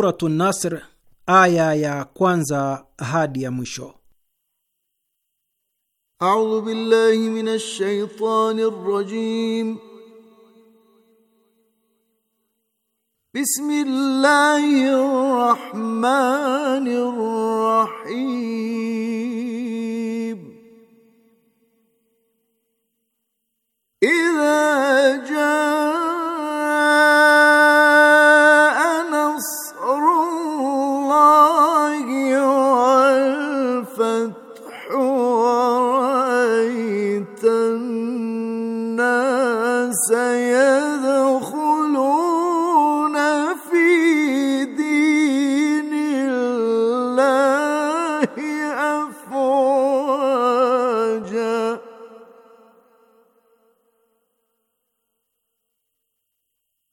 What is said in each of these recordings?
Suratu Nasr aya ya kwanza hadi ya mwisho. A'udhu billahi minash shaitani rajim. Bismillahir rahmanir rahim. Idha jaa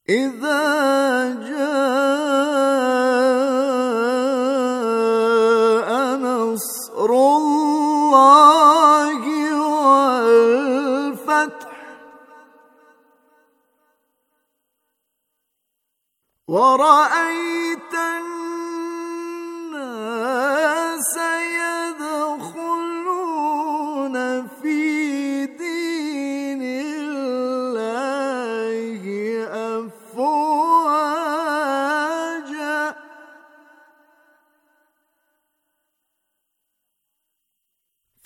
إذا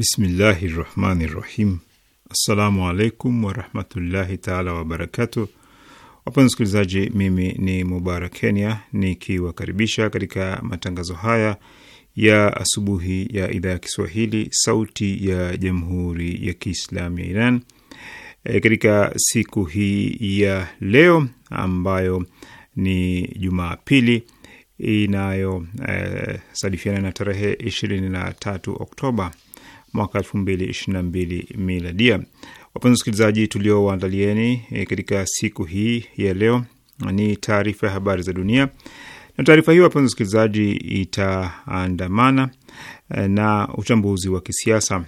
Bismillahi rahmani rahim. Assalamu alaikum warahmatullahi taala wabarakatu. Wapenzi wasikilizaji, mimi ni Mubarak Kenya nikiwakaribisha katika matangazo haya ya asubuhi ya idhaa ya Kiswahili sauti ya jamhuri ya Kiislamu ya Iran e, katika siku hii ya leo ambayo ni Jumapili inayosadifiana e, na tarehe 23 Oktoba mwaka elfu mbili ishirini na mbili miladia. Wapenzi wasikilizaji, tuliowaandalieni e, katika siku hii ya leo ni taarifa ya habari za dunia, na taarifa hiyo wapenzi wasikilizaji, itaandamana eh, na uchambuzi wa kisiasa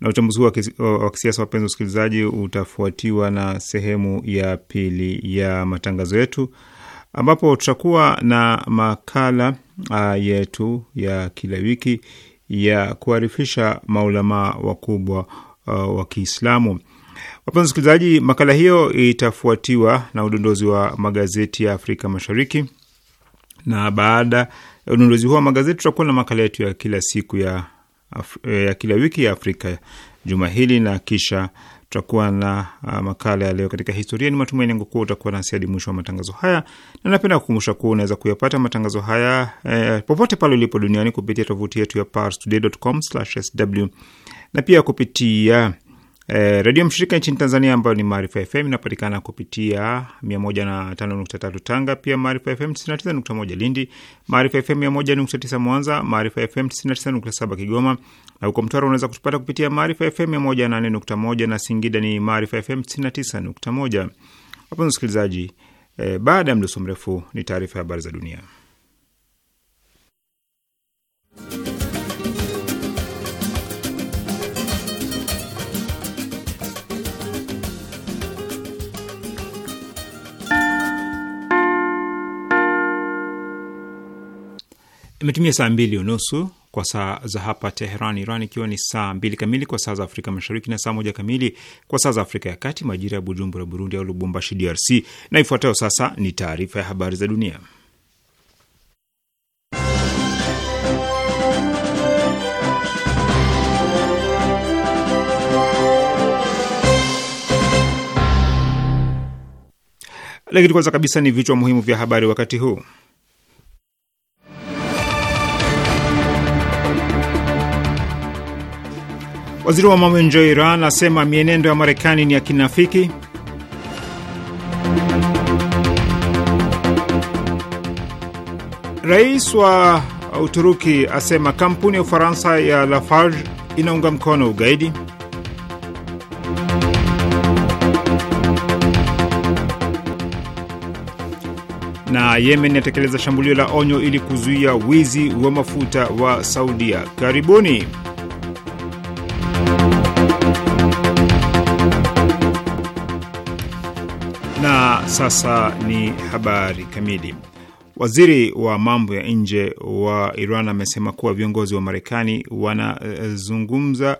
na uchambuzi huu wa kisiasa wapenzi wasikilizaji, utafuatiwa na sehemu ya pili ya matangazo yetu ambapo tutakuwa na makala uh, yetu ya kila wiki ya kuarifisha maulamaa wakubwa uh, wa Kiislamu. Wapenzi wasikilizaji, makala hiyo itafuatiwa na udondozi wa magazeti ya Afrika Mashariki, na baada ya udondozi huo wa magazeti tutakuwa na makala yetu ya kila siku ya, ya kila wiki ya Afrika juma hili na kisha tutakuwa na uh, makala ya leo katika historia. Ni matumaini yangu kuwa utakuwa nasi hadi mwisho wa matangazo haya, na napenda kukumbusha kuwa unaweza kuyapata matangazo haya eh, popote pale ulipo duniani kupitia tovuti yetu ya parstoday.com/sw na pia kupitia E, redio mshirika nchini Tanzania ambayo ni Maarifa FM inapatikana kupitia 105.3 Tanga, pia Maarifa FM 99.1 Lindi, Maarifa FM 101.9 Mwanza, Maarifa FM 99.7 Kigoma, na huko Mtwara unaweza kutupata kupitia Maarifa FM 108.1 na Singida ni Maarifa FM 99.1. Wapenzi wasikilizaji, e, baada ya mdoso mrefu ni taarifa ya habari za dunia. Imetumia saa mbili unusu kwa saa za hapa Teheran, Iran, ikiwa ni saa mbili kamili kwa saa za Afrika Mashariki na saa moja kamili kwa saa za Afrika ya Kati, majira ya Bujumbura, Burundi, au Lubumbashi, DRC. Na ifuatayo sasa ni taarifa ya habari za dunia, lakini kwanza kabisa ni vichwa muhimu vya habari wakati huu. Waziri wa mambo ya nje wa Iran asema mienendo ya Marekani ni ya kinafiki. Rais wa Uturuki asema kampuni ya Ufaransa ya Lafarge inaunga mkono ugaidi. Na Yemen inatekeleza shambulio la onyo ili kuzuia wizi wa mafuta wa Saudia. Karibuni. Sasa ni habari kamili. Waziri wa mambo ya nje wa Iran amesema kuwa viongozi wa Marekani wanazungumza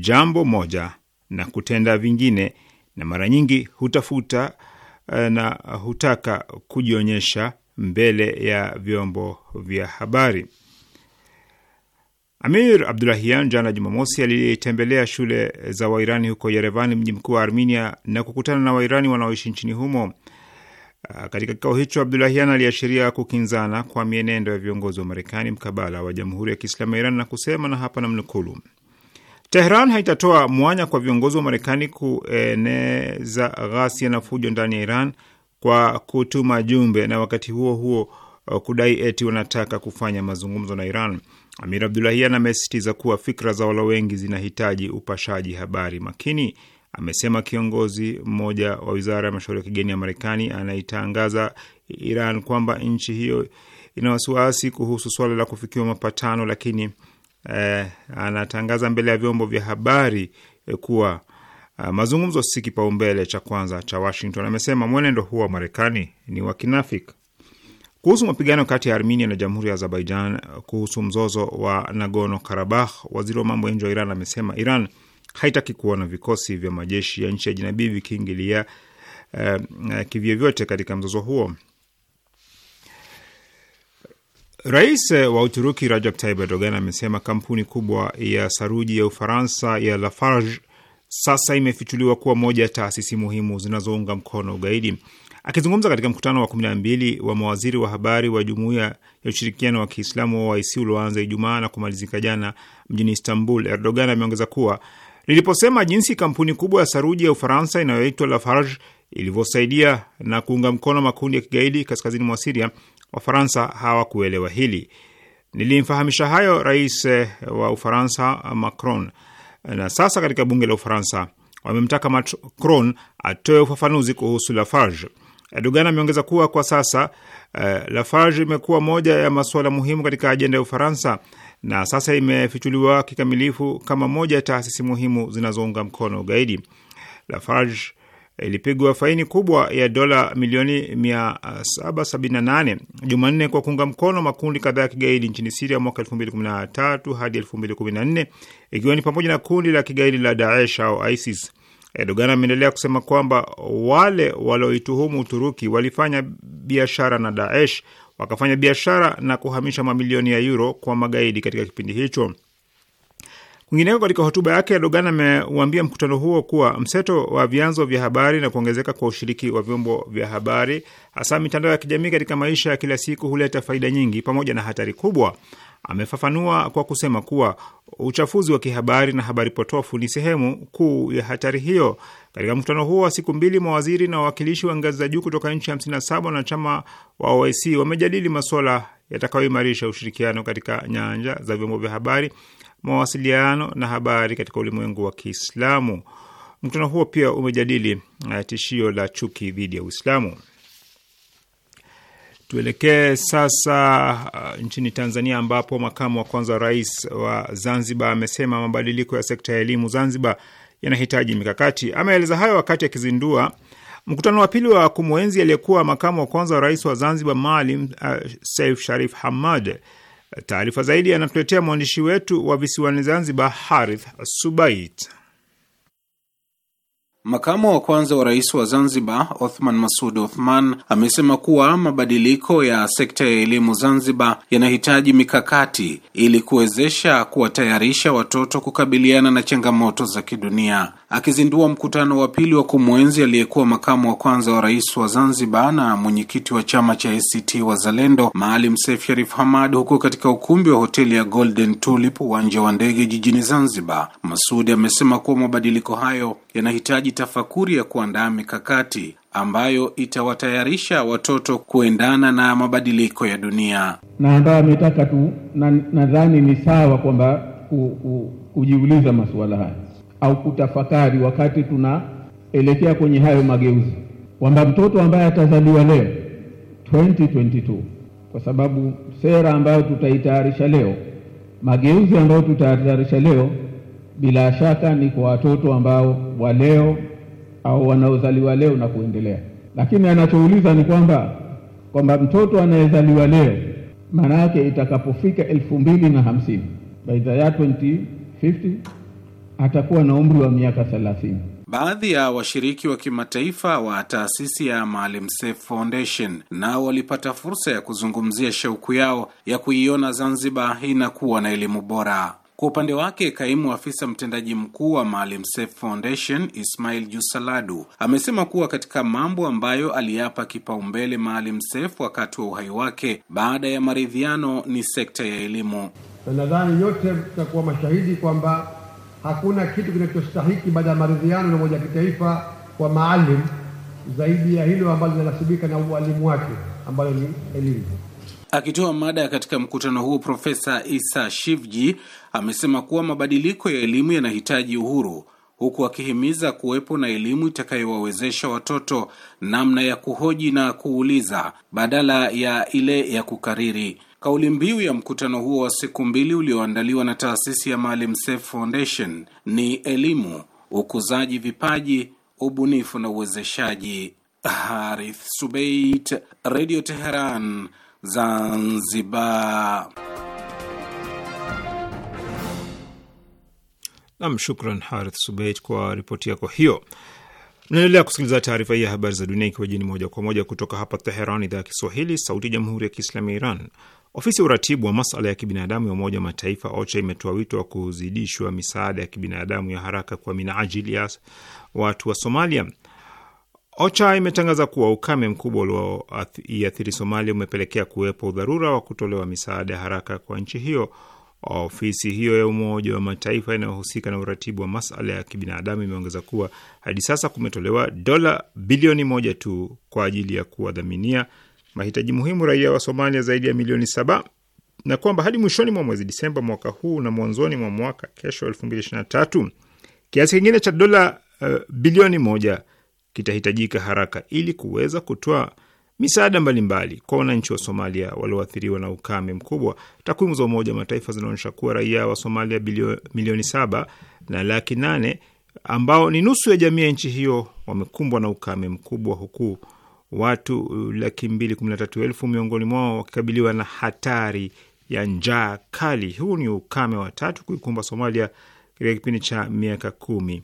jambo moja na kutenda vingine, na mara nyingi hutafuta eh, na hutaka kujionyesha mbele ya vyombo vya habari. Amir Abdulahian jana Jumamosi alitembelea shule za Wairani huko yerevani mji mkuu wa Armenia, na kukutana na Wairani wanaoishi nchini humo. Uh, katika kikao hicho Abdulahian aliashiria kukinzana kwa mienendo ya viongozi wa Marekani mkabala wa Jamhuri ya Kiislamu ya Iran na kusema, na hapa namnukulu, Tehran haitatoa mwanya kwa viongozi wa Marekani kueneza ghasia na fujo ndani ya Iran kwa kutuma jumbe na wakati huo huo uh, kudai eti wanataka kufanya mazungumzo na Iran. Amir Abdulahian amesisitiza kuwa fikra za walo wengi zinahitaji upashaji habari makini amesema kiongozi mmoja wa wizara ya mashauri ya kigeni ya Marekani anaitangaza Iran kwamba nchi hiyo ina wasiwasi kuhusu suala la kufikiwa mapatano, lakini eh, anatangaza mbele ya vyombo vya habari eh, kuwa eh, mazungumzo si kipaumbele cha kwanza cha Washington. Amesema mwenendo huo wa Marekani ni wa kinafiki. Kuhusu mapigano kati ya Armenia na Jamhuri ya Azerbaijan kuhusu mzozo wa Nagorno Karabakh, waziri wa mambo ya nje wa Iran amesema Iran haitaki kuona vikosi vya majeshi ya nchi ya jinabii vikiingilia uh, kivyovyote katika mzozo huo. Rais eh, wa Uturuki Rajab Tayyip Erdogan amesema kampuni kubwa ya saruji ya Ufaransa ya Lafarge sasa imefichuliwa kuwa moja ya taasisi muhimu zinazounga mkono ugaidi. Akizungumza katika mkutano wa kumi mbili wa mawaziri wa habari wa Jumuiya ya Ushirikiano wa Kiislamu wa OIC ulioanza Ijumaa na kumalizika jana mjini Istanbul, Erdogan ameongeza kuwa liliposema jinsi kampuni kubwa ya saruji ya Ufaransa inayoitwa Lafarge ilivyosaidia na kuunga mkono makundi ya kigaidi kaskazini mwa Siria, Wafaransa hawakuelewa hili. Nilimfahamisha hayo rais eh, wa Ufaransa Macron, na sasa katika bunge la Ufaransa wamemtaka Macron atoe ufafanuzi kuhusu Lafarge. Erdogan ameongeza kuwa kwa sasa uh, Lafarge imekuwa moja ya masuala muhimu katika ajenda ya Ufaransa na sasa imefichuliwa kikamilifu kama moja ya taasisi muhimu zinazounga mkono ugaidi. Lafarge ilipigwa faini kubwa ya dola milioni 778 eh, Jumanne kwa kuunga mkono makundi kadhaa ya kigaidi nchini Siria mwaka 2013 hadi 2014 ikiwa ni pamoja na kundi la kigaidi la Daesh au ISIS. Erdogan ameendelea kusema kwamba wale walioituhumu Uturuki walifanya biashara na Daesh wakafanya biashara na kuhamisha mamilioni ya euro kwa magaidi katika kipindi hicho. Kwingineko, katika hotuba yake Erdogan ameuambia mkutano huo kuwa mseto wa vyanzo vya habari na kuongezeka kwa ushiriki wa vyombo vya habari, hasa mitandao ya kijamii, katika maisha ya kila siku huleta faida nyingi pamoja na hatari kubwa. Amefafanua kwa kusema kuwa uchafuzi wa kihabari na habari potofu ni sehemu kuu ya hatari hiyo. Katika mkutano huo wa siku mbili, mawaziri na wawakilishi wa ngazi za juu kutoka nchi 57 wanachama wa OIC wamejadili masuala yatakayoimarisha ushirikiano katika nyanja za vyombo vya habari, mawasiliano na habari katika ulimwengu wa Kiislamu. Mkutano huo pia umejadili eh, tishio la chuki dhidi ya Uislamu. Tuelekee sasa uh, nchini Tanzania ambapo makamu wa kwanza wa rais wa Zanzibar amesema mabadiliko ya sekta ya elimu Zanzibar yanahitaji mikakati. Ameeleza hayo wakati akizindua mkutano wa pili wa kumwenzi aliyekuwa makamu wa kwanza wa rais wa Zanzibar Maalim uh, Saif Sharif Hamad. Taarifa zaidi anatuletea mwandishi wetu wa visiwani Zanzibar Harith Subait. Makamu wa kwanza wa rais wa Zanzibar Othman Masud Othman amesema kuwa mabadiliko ya sekta ya elimu Zanzibar yanahitaji mikakati ili kuwezesha kuwatayarisha watoto kukabiliana na changamoto za kidunia. Akizindua mkutano wa pili wa kumwenzi aliyekuwa makamu wa kwanza wa rais wa Zanzibar na mwenyekiti wa chama cha ACT Wazalendo Maalim Seif Sharif Hamad huko katika ukumbi wa hoteli ya Golden Tulip, uwanja wa ndege jijini Zanzibar, Masudi amesema kuwa mabadiliko hayo yanahitaji itafakuri ya kuandaa mikakati ambayo itawatayarisha watoto kuendana na mabadiliko ya dunia, na ambayo ametaka tu, nadhani na ni sawa kwamba kujiuliza masuala haya au kutafakari wakati tunaelekea kwenye hayo mageuzi, kwamba mtoto ambaye atazaliwa leo 2022 kwa sababu sera ambayo tutaitayarisha leo, mageuzi ambayo tutayatayarisha leo bila shaka ni kwa watoto ambao wa leo au wanaozaliwa leo na kuendelea. Lakini anachouliza ni kwamba kwamba mtoto anayezaliwa leo, maana yake itakapofika elfu mbili na hamsini by the year 2050 atakuwa na umri wa miaka thelathini. Baadhi ya washiriki wa kimataifa wa taasisi ya Maalim Seif Foundation nao walipata fursa ya kuzungumzia shauku yao ya kuiona Zanzibar inakuwa na elimu bora. Kwa upande wake kaimu afisa mtendaji mkuu wa Maalim Seif Foundation Ismail Jusaladu amesema kuwa katika mambo ambayo aliyapa kipaumbele Maalim Seif wakati wa uhai wake baada ya maridhiano ni sekta ya elimu. Na nadhani yote tutakuwa mashahidi kwamba hakuna kitu kinachostahiki baada ya maridhiano na umoja wa kitaifa kwa Maalim zaidi ya hilo ambalo linanasibika na ualimu wake ambalo ni elimu. Akitoa mada katika mkutano huo, Profesa Isa Shivji amesema kuwa mabadiliko ya elimu yanahitaji uhuru, huku akihimiza kuwepo na elimu itakayowawezesha watoto namna ya kuhoji na kuuliza badala ya ile ya kukariri. Kauli mbiu ya mkutano huo wa siku mbili ulioandaliwa na taasisi ya Maalim Seif Foundation ni elimu, ukuzaji vipaji, ubunifu na uwezeshaji. Harith Subait, Radio Teheran. Zanzibar. Nam, shukran Harith Subeit kwa ripoti yako hiyo. Mnaendelea kusikiliza taarifa hii ya habari za dunia ikiwa jini moja kwa moja kutoka hapa Teheran, idhaa ya Kiswahili, sauti ya jamhuri ya kiislamu ya Iran. Ofisi ya uratibu wa masala ya kibinadamu ya Umoja wa Mataifa OCHA imetoa wito wa kuzidishwa misaada ya kibinadamu ya haraka kwa minajili ya watu wa Somalia. OCHA imetangaza kuwa ukame mkubwa ulioiathiri Somalia umepelekea kuwepo udharura wa kutolewa misaada haraka kwa nchi hiyo. Ofisi hiyo ya Umoja wa Mataifa inayohusika na uratibu wa masala ya kibinadamu imeongeza kuwa hadi sasa kumetolewa dola bilioni moja tu kwa ajili ya kuwadhaminia mahitaji muhimu raia wa Somalia zaidi ya milioni saba na kwamba hadi mwishoni mwa mwezi Disemba mwaka huu na mwanzoni mwa mwaka kesho tatu kiasi kingine cha dola uh, bilioni moja kitahitajika haraka ili kuweza kutoa misaada mbalimbali kwa wananchi wa Somalia walioathiriwa na ukame mkubwa. Takwimu za Umoja wa Mataifa zinaonyesha kuwa raia wa Somalia bilio, milioni saba na laki nane ambao ni nusu ya jamii ya nchi hiyo wamekumbwa na ukame mkubwa, huku watu uh, laki mbili kumi na tatu elfu miongoni mwao wakikabiliwa na hatari ya njaa kali. Huu ni ukame wa tatu kuikumba Somalia katika kipindi cha miaka kumi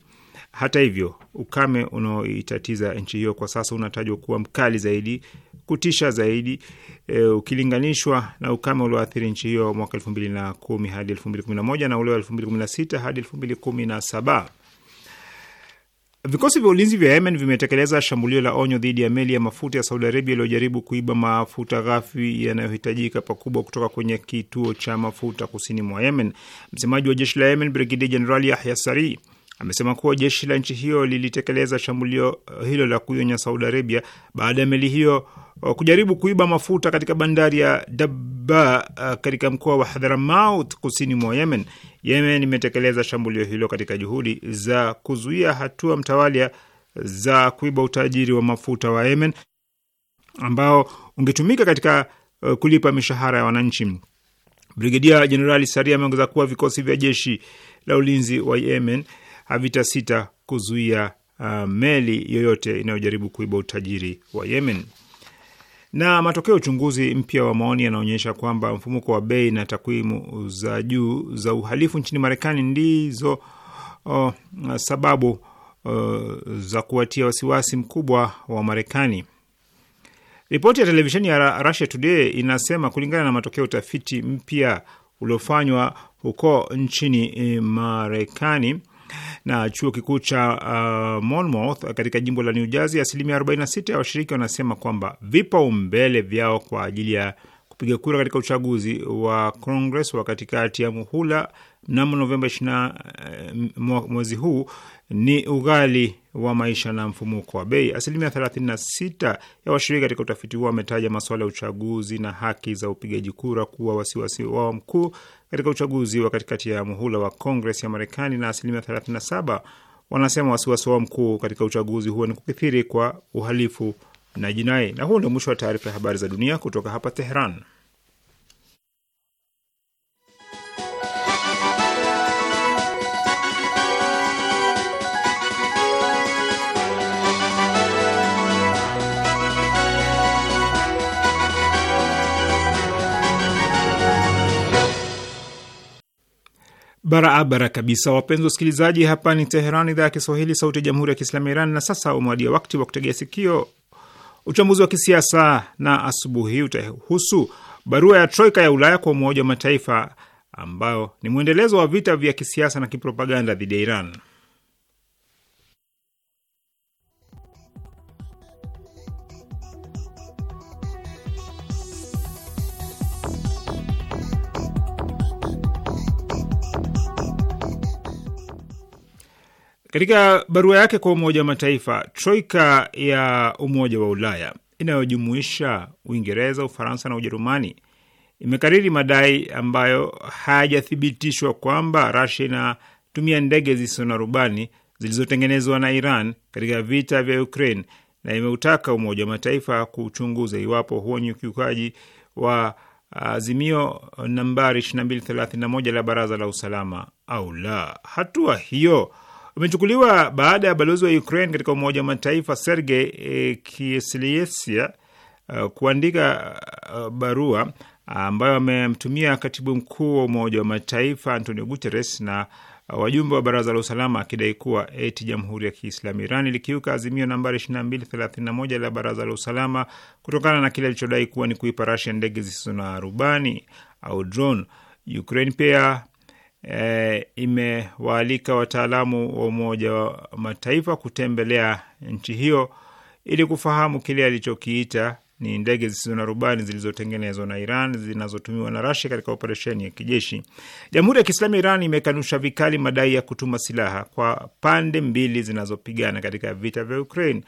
hata hivyo, ukame unaoitatiza nchi hiyo kwa sasa unatajwa kuwa mkali zaidi, kutisha zaidi, e, ukilinganishwa na ukame ulioathiri nchi hiyo mwaka kumi hadi kumi na ule wa sita hadi saba. Vikosi vya ulinzi vya Yemen vimetekeleza shambulio la onyo dhidi ya meli ya mafuta ya Saudi Arabia iliyojaribu kuiba mafuta ghafi yanayohitajika pakubwa kutoka kwenye kituo cha mafuta kusini mwa Yemen. Msemaji wa jeshi la Yemen, Brigedia Jenerali Yahya sarii amesema kuwa jeshi la nchi hiyo lilitekeleza shambulio uh, hilo la kuionya Saudi Arabia baada ya meli hiyo uh, kujaribu kuiba mafuta katika bandari ya daba uh, katika mkoa wa Hadhramaut kusini mwa Yemen. Yemen imetekeleza shambulio hilo katika juhudi za kuzuia hatua mtawalia za kuiba utajiri wa mafuta wa Yemen ambao ungetumika katika kulipa mishahara ya wananchi. Brigedia Jenerali Saria ameongeza kuwa vikosi vya jeshi la ulinzi wa Yemen havitasita kuzuia uh, meli yoyote inayojaribu kuiba utajiri wa Yemen. Na matokeo ya uchunguzi mpya wa maoni yanaonyesha kwamba mfumuko wa bei na takwimu za juu za uhalifu nchini Marekani ndizo oh, sababu Uh, za kuwatia wasiwasi mkubwa wa Marekani. Ripoti ya televisheni ya Russia Today inasema kulingana na matokeo utafiti mpya uliofanywa huko nchini eh, Marekani na chuo kikuu cha uh, Monmouth katika jimbo la New Jersey, asilimia 46 ya washiriki wanasema kwamba vipaumbele vyao kwa ajili ya kupiga kura katika uchaguzi wa Congress wa katikati ya muhula mnamo Novemba 20 eh, mwezi huu ni ughali wa maisha na mfumuko wa bei. Asilimia 36 ya washiriki katika utafiti huo wametaja masuala ya uchaguzi na haki za upigaji kura kuwa wasiwasi wao mkuu, katika uchaguzi wa katikati ya muhula wa Kongres ya Marekani na asilimia 37 wanasema wasiwasi wao mkuu katika uchaguzi huo ni kukithiri kwa uhalifu na jinai. Na huo ndio mwisho wa taarifa ya habari za dunia kutoka hapa teheran Barabara kabisa, wapenzi wasikilizaji, hapa ni Teheran, idhaa ya Kiswahili, sauti ya jamhuri ya kiislamu ya Iran. Na sasa umewadia wakati wa kutegea sikio uchambuzi wa kisiasa, na asubuhi utahusu barua ya troika ya Ulaya kwa Umoja wa Mataifa ambayo ni mwendelezo wa vita vya kisiasa na kipropaganda dhidi ya Iran. Katika barua yake kwa Umoja wa Mataifa, troika ya Umoja wa Ulaya inayojumuisha Uingereza, Ufaransa na Ujerumani imekariri madai ambayo hayajathibitishwa kwamba Rasia inatumia ndege zisizo na rubani zilizotengenezwa na Iran katika vita vya Ukraine na imeutaka Umoja wa Mataifa kuchunguza iwapo huo ni ukiukaji wa azimio nambari 2231 la Baraza la Usalama au la. Hatua hiyo umechukuliwa baada ya balozi wa Ukraine katika Umoja wa Mataifa Sergey e, eh, Kiesliesia uh, eh, kuandika uh, barua ambayo amemtumia katibu mkuu wa Umoja wa Mataifa Antonio Guterres na wajumbe wa Baraza la Usalama akidai kuwa eti Jamhuri ya Kiislamu Iran ilikiuka azimio nambari 2231 la Baraza la Usalama kutokana na kile alichodai kuwa ni kuipa Rasia ndege zisizo na rubani au drone. Ukraine pia e, imewaalika wataalamu wa Umoja wa Mataifa kutembelea nchi hiyo ili kufahamu kile alichokiita ni ndege zisizo na rubani zilizotengenezwa na Iran zinazotumiwa na Rasia katika operesheni ya kijeshi. Jamhuri ya Kiislamu ya Iran imekanusha vikali madai ya kutuma silaha kwa pande mbili zinazopigana katika vita vya Ukraine.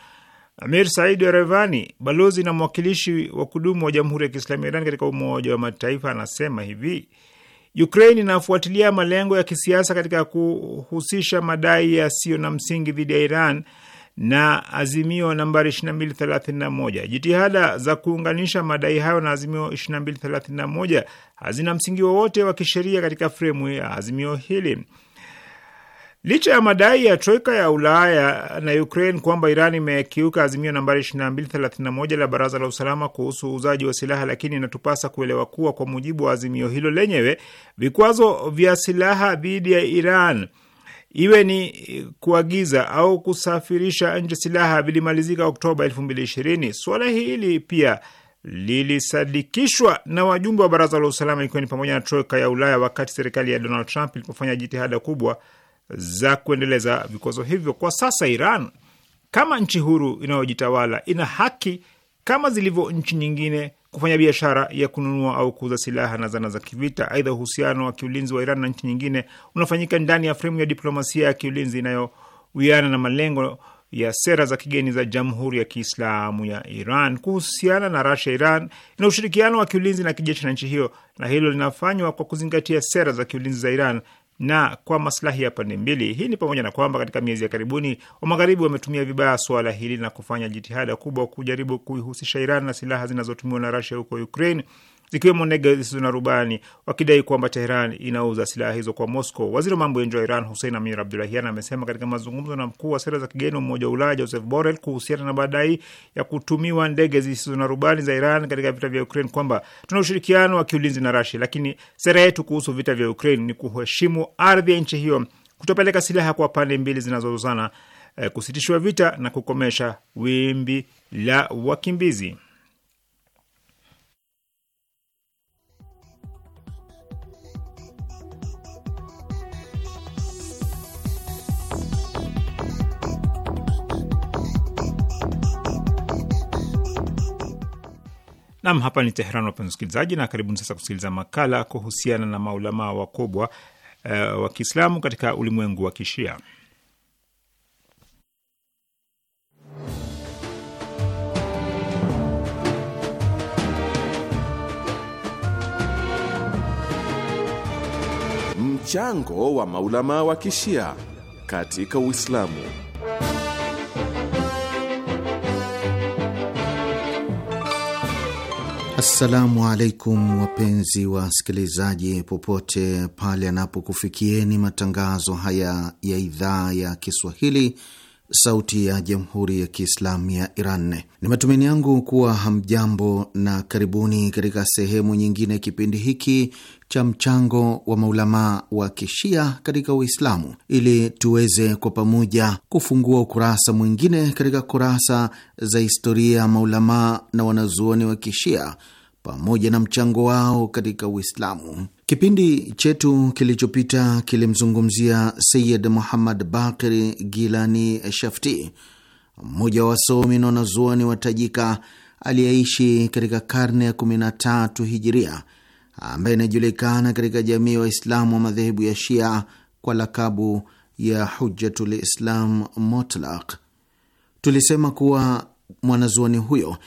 Amir Said Erevani, balozi na mwakilishi wa kudumu wa Jamhuri ya Kiislamu ya Iran katika Umoja wa Mataifa, anasema hivi: Ukraine inafuatilia malengo ya kisiasa katika kuhusisha madai yasiyo na msingi dhidi ya Iran na azimio nambari 2231. Jitihada za kuunganisha madai hayo na azimio 2231 hazina msingi wowote wa, wa kisheria katika fremu ya azimio hili. Licha ya madai ya troika ya Ulaya na Ukraine kwamba Iran imekiuka azimio nambari 2231 la Baraza la Usalama kuhusu uuzaji wa silaha, lakini inatupasa kuelewa kuwa kwa mujibu wa azimio hilo lenyewe, vikwazo vya silaha dhidi ya Iran iwe ni kuagiza au kusafirisha nje silaha vilimalizika Oktoba 2020. Suala hili pia lilisadikishwa na wajumbe wa Baraza la Usalama, ikiwa ni pamoja na troika ya Ulaya, wakati serikali ya Donald Trump ilipofanya jitihada kubwa za kuendeleza vikwazo hivyo. Kwa sasa Iran kama nchi huru inayojitawala ina haki kama zilivyo nchi nyingine kufanya biashara ya kununua au kuuza silaha na zana za kivita. Aidha, uhusiano wa kiulinzi wa Iran na nchi nyingine unafanyika ndani ya fremu ya diplomasia ya kiulinzi inayowiana na malengo ya sera za kigeni za Jamhuri ya Kiislamu ya Iran. Kuhusiana na Rasia, Iran ina ushirikiano wa kiulinzi na kijeshi na nchi hiyo, na hilo linafanywa kwa kuzingatia sera za kiulinzi za Iran na kwa maslahi ya pande mbili. Hii ni pamoja na kwamba katika miezi ya karibuni wa Magharibi wametumia vibaya suala hili na kufanya jitihada kubwa kujaribu kuihusisha Iran na silaha zinazotumiwa na Rasia huko Ukraine zikiwemo ndege zisizo na rubani, wakidai kwamba Teheran inauza silaha hizo kwa Moscow. Waziri wa mambo ya nje wa Iran Hussein Amir Abdulahian amesema katika mazungumzo na mkuu wa sera za kigeni wa Umoja wa Ulaya Joseph Borrell kuhusiana na madai ya kutumiwa ndege zisizo na rubani za Iran katika vita vya Ukraine kwamba tuna ushirikiano wa kiulinzi na Rasia, lakini sera yetu kuhusu vita vya Ukraine ni kuheshimu ardhi ya nchi hiyo, kutopeleka silaha kwa pande mbili zinazozozana, eh, kusitishwa vita na kukomesha wimbi la wakimbizi. Nam, hapa ni Teheran, wapenzi msikilizaji, na karibuni sasa kusikiliza makala kuhusiana na maulamaa wakubwa uh, wa Kiislamu katika ulimwengu wa Kishia. Mchango wa maulamaa wa Kishia katika Uislamu. Assalamu alaikum wapenzi wa wasikilizaji, popote pale anapokufikieni matangazo haya ya idhaa ya Kiswahili Sauti ya Jamhuri ya Kiislamu ya Iran. Ni matumaini yangu kuwa hamjambo na karibuni katika sehemu nyingine ya kipindi hiki cha mchango wa maulamaa wa kishia katika Uislamu, ili tuweze kwa pamoja kufungua ukurasa mwingine katika kurasa za historia ya maulamaa na wanazuoni wa kishia pamoja na mchango wao katika Uislamu. Kipindi chetu kilichopita kilimzungumzia Sayid Muhammad Bakir Gilani Shafti, mmoja wa wasomi na wanazuoni watajika aliyeishi katika karne ya 13 Hijiria, ambaye inajulikana katika jamii ya Waislamu wa madhehebu ya Shia kwa lakabu ya Hujjatul Islam Motlak. Tulisema kuwa mwanazuoni huyo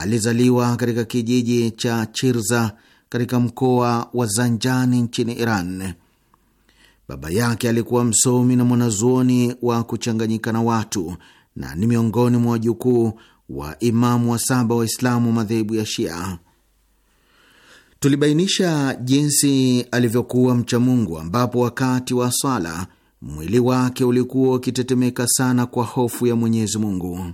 alizaliwa katika kijiji cha Chirza katika mkoa wa Zanjani nchini Iran. Baba yake alikuwa msomi na mwanazuoni wa kuchanganyika na watu na ni miongoni mwa wajukuu wa imamu wa saba Waislamu Islamu madhehebu ya Shia. Tulibainisha jinsi alivyokuwa mchamungu, ambapo wakati wa swala mwili wake ulikuwa ukitetemeka sana kwa hofu ya Mwenyezi Mungu.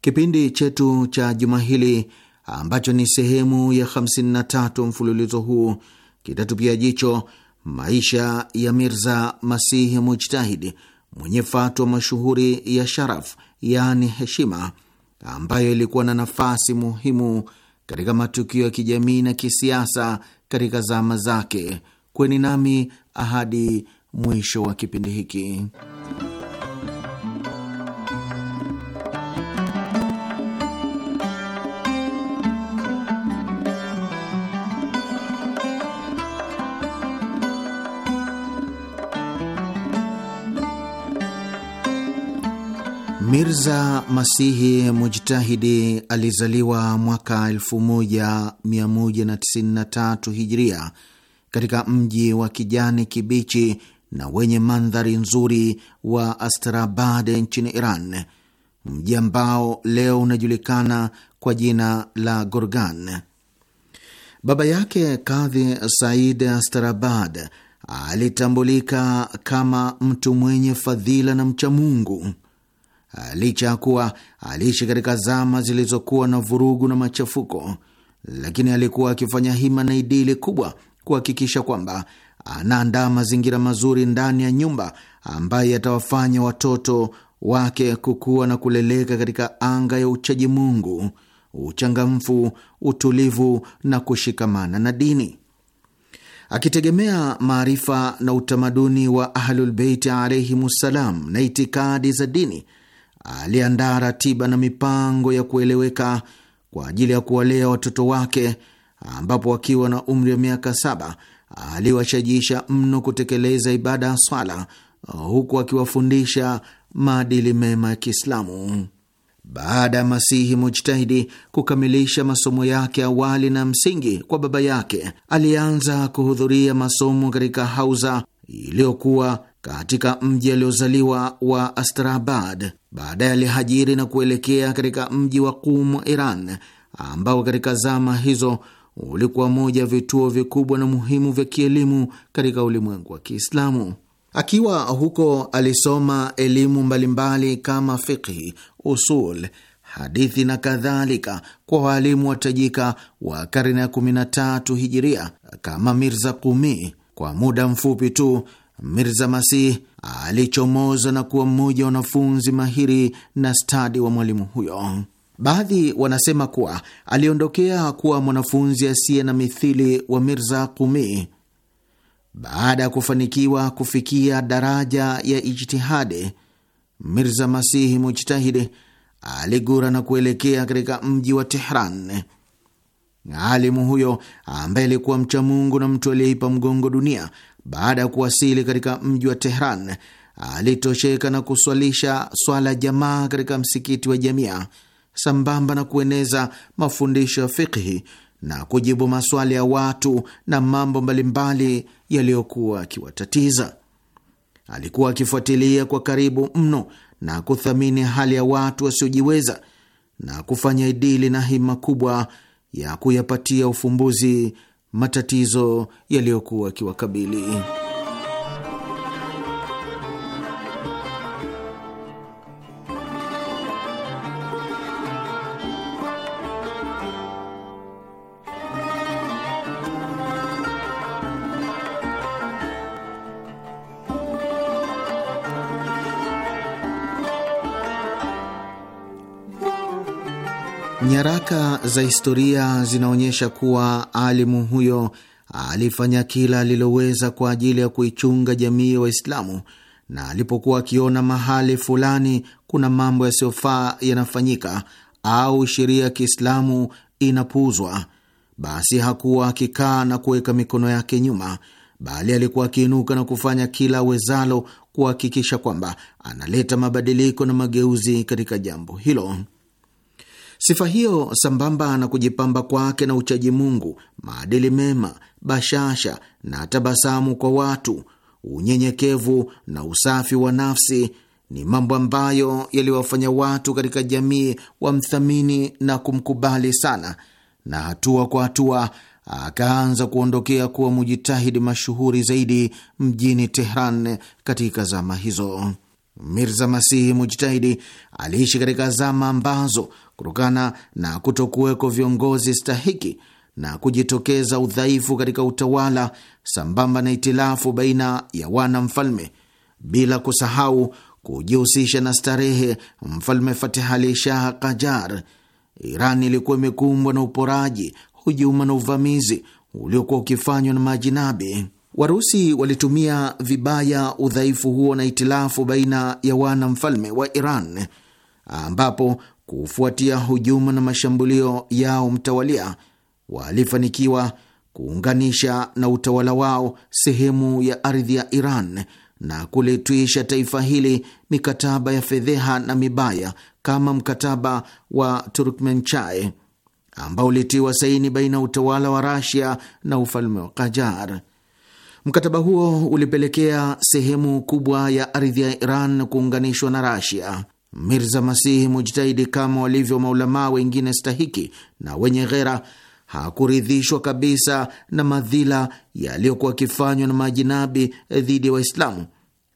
Kipindi chetu cha juma hili ambacho ni sehemu ya 53 mfululizo huu kitatupia jicho maisha ya Mirza Masihi Mujtahidi mwenye fatwa mashuhuri ya Sharaf, yaani heshima, ambayo ilikuwa na nafasi muhimu katika matukio ya kijamii na kisiasa katika zama zake. Kweni nami ahadi mwisho wa kipindi hiki. Mirza Masihi Mujtahidi alizaliwa mwaka 1193 Hijria katika mji wa kijani kibichi na wenye mandhari nzuri wa Astrabad nchini Iran, mji ambao leo unajulikana kwa jina la Gorgan. Baba yake Kadhi Said Astrabad alitambulika kama mtu mwenye fadhila na mchamungu. Ah, licha ya kuwa aliishi katika zama zilizokuwa na vurugu na machafuko, lakini alikuwa akifanya hima na idili kubwa kuhakikisha kwamba anaandaa mazingira mazuri ndani ya nyumba ambayo yatawafanya watoto wake kukua na kuleleka katika anga ya uchaji Mungu, uchangamfu, utulivu na kushikamana na dini, akitegemea maarifa na utamaduni wa Ahlulbeiti alaihimussalam na itikadi za dini aliandaa ratiba na mipango ya kueleweka kwa ajili ya kuwalea watoto wake, ambapo wakiwa na umri wa miaka saba aliwashajiisha mno kutekeleza ibada ya swala, huku akiwafundisha maadili mema ya Kiislamu. Baada ya Masihi mujtahidi kukamilisha masomo yake awali na msingi kwa baba yake, alianza kuhudhuria masomo katika hauza iliyokuwa katika mji aliozaliwa wa Astrabad. Baadaye alihajiri na kuelekea katika mji wa Qum, Iran, ambao katika zama hizo ulikuwa moja ya vituo vikubwa na muhimu vya kielimu katika ulimwengu wa Kiislamu. Akiwa huko alisoma elimu mbalimbali kama fiqhi, usul, hadithi na kadhalika kwa waalimu watajika wa karne ya 13 hijiria kama Mirza Qumi. Kwa muda mfupi tu Mirza Masih alichomoza na kuwa mmoja wa wanafunzi mahiri na stadi wa mwalimu huyo. Baadhi wanasema kuwa aliondokea kuwa mwanafunzi asiye na mithili wa Mirza Kumi. Baada ya kufanikiwa kufikia daraja ya ijtihadi, Mirza Masihi mujtahidi aligura na kuelekea katika mji wa Tehran. Alimu huyo ambaye alikuwa mcha Mungu na mtu aliyeipa mgongo dunia baada ya kuwasili katika mji wa Tehran alitosheka na kuswalisha swala jamaa katika msikiti wa Jamia sambamba na kueneza mafundisho ya fikhi na kujibu maswali ya watu na mambo mbalimbali yaliyokuwa akiwatatiza. Alikuwa akifuatilia kwa karibu mno na kuthamini hali ya watu wasiojiweza na kufanya idili na hima kubwa ya kuyapatia ufumbuzi matatizo yaliyokuwa akiwakabili. Nyaraka za historia zinaonyesha kuwa alimu huyo alifanya kila aliloweza kwa ajili ya kuichunga jamii ya wa Waislamu, na alipokuwa akiona mahali fulani kuna mambo yasiyofaa yanafanyika au sheria ya Kiislamu inapuuzwa, basi hakuwa akikaa na kuweka mikono yake nyuma, bali alikuwa akiinuka na kufanya kila awezalo kuhakikisha kwamba analeta mabadiliko na mageuzi katika jambo hilo. Sifa hiyo sambamba na kujipamba kwake na uchaji Mungu, maadili mema, bashasha na tabasamu kwa watu, unyenyekevu na usafi wa nafsi ni mambo ambayo yaliwafanya watu katika jamii wamthamini na kumkubali sana, na hatua kwa hatua akaanza kuondokea kuwa mujitahidi mashuhuri zaidi mjini Tehran katika zama hizo. Mirza Masihi mujitahidi aliishi katika zama ambazo kutokana na kutokuweko viongozi stahiki na kujitokeza udhaifu katika utawala sambamba na itilafu baina ya wana mfalme, bila kusahau kujihusisha na starehe mfalme Fatih Ali Shah Kajar. Iran ilikuwa imekumbwa na uporaji, hujuma na uvamizi uliokuwa ukifanywa na majinabi. Warusi walitumia vibaya udhaifu huo na itilafu baina ya wana mfalme wa Iran, ambapo Kufuatia hujuma na mashambulio yao mtawalia, walifanikiwa kuunganisha na utawala wao sehemu ya ardhi ya Iran na kulitwisha taifa hili mikataba ya fedheha na mibaya kama mkataba wa Turkmenchai ambao ulitiwa saini baina ya utawala wa Rasia na ufalme wa Kajar. Mkataba huo ulipelekea sehemu kubwa ya ardhi ya Iran kuunganishwa na Rasia. Mirza Masihi mujtahidi kama walivyo maulamaa wengine stahiki na wenye ghera hakuridhishwa kabisa na madhila yaliyokuwa akifanywa na majinabi dhidi ya Waislamu,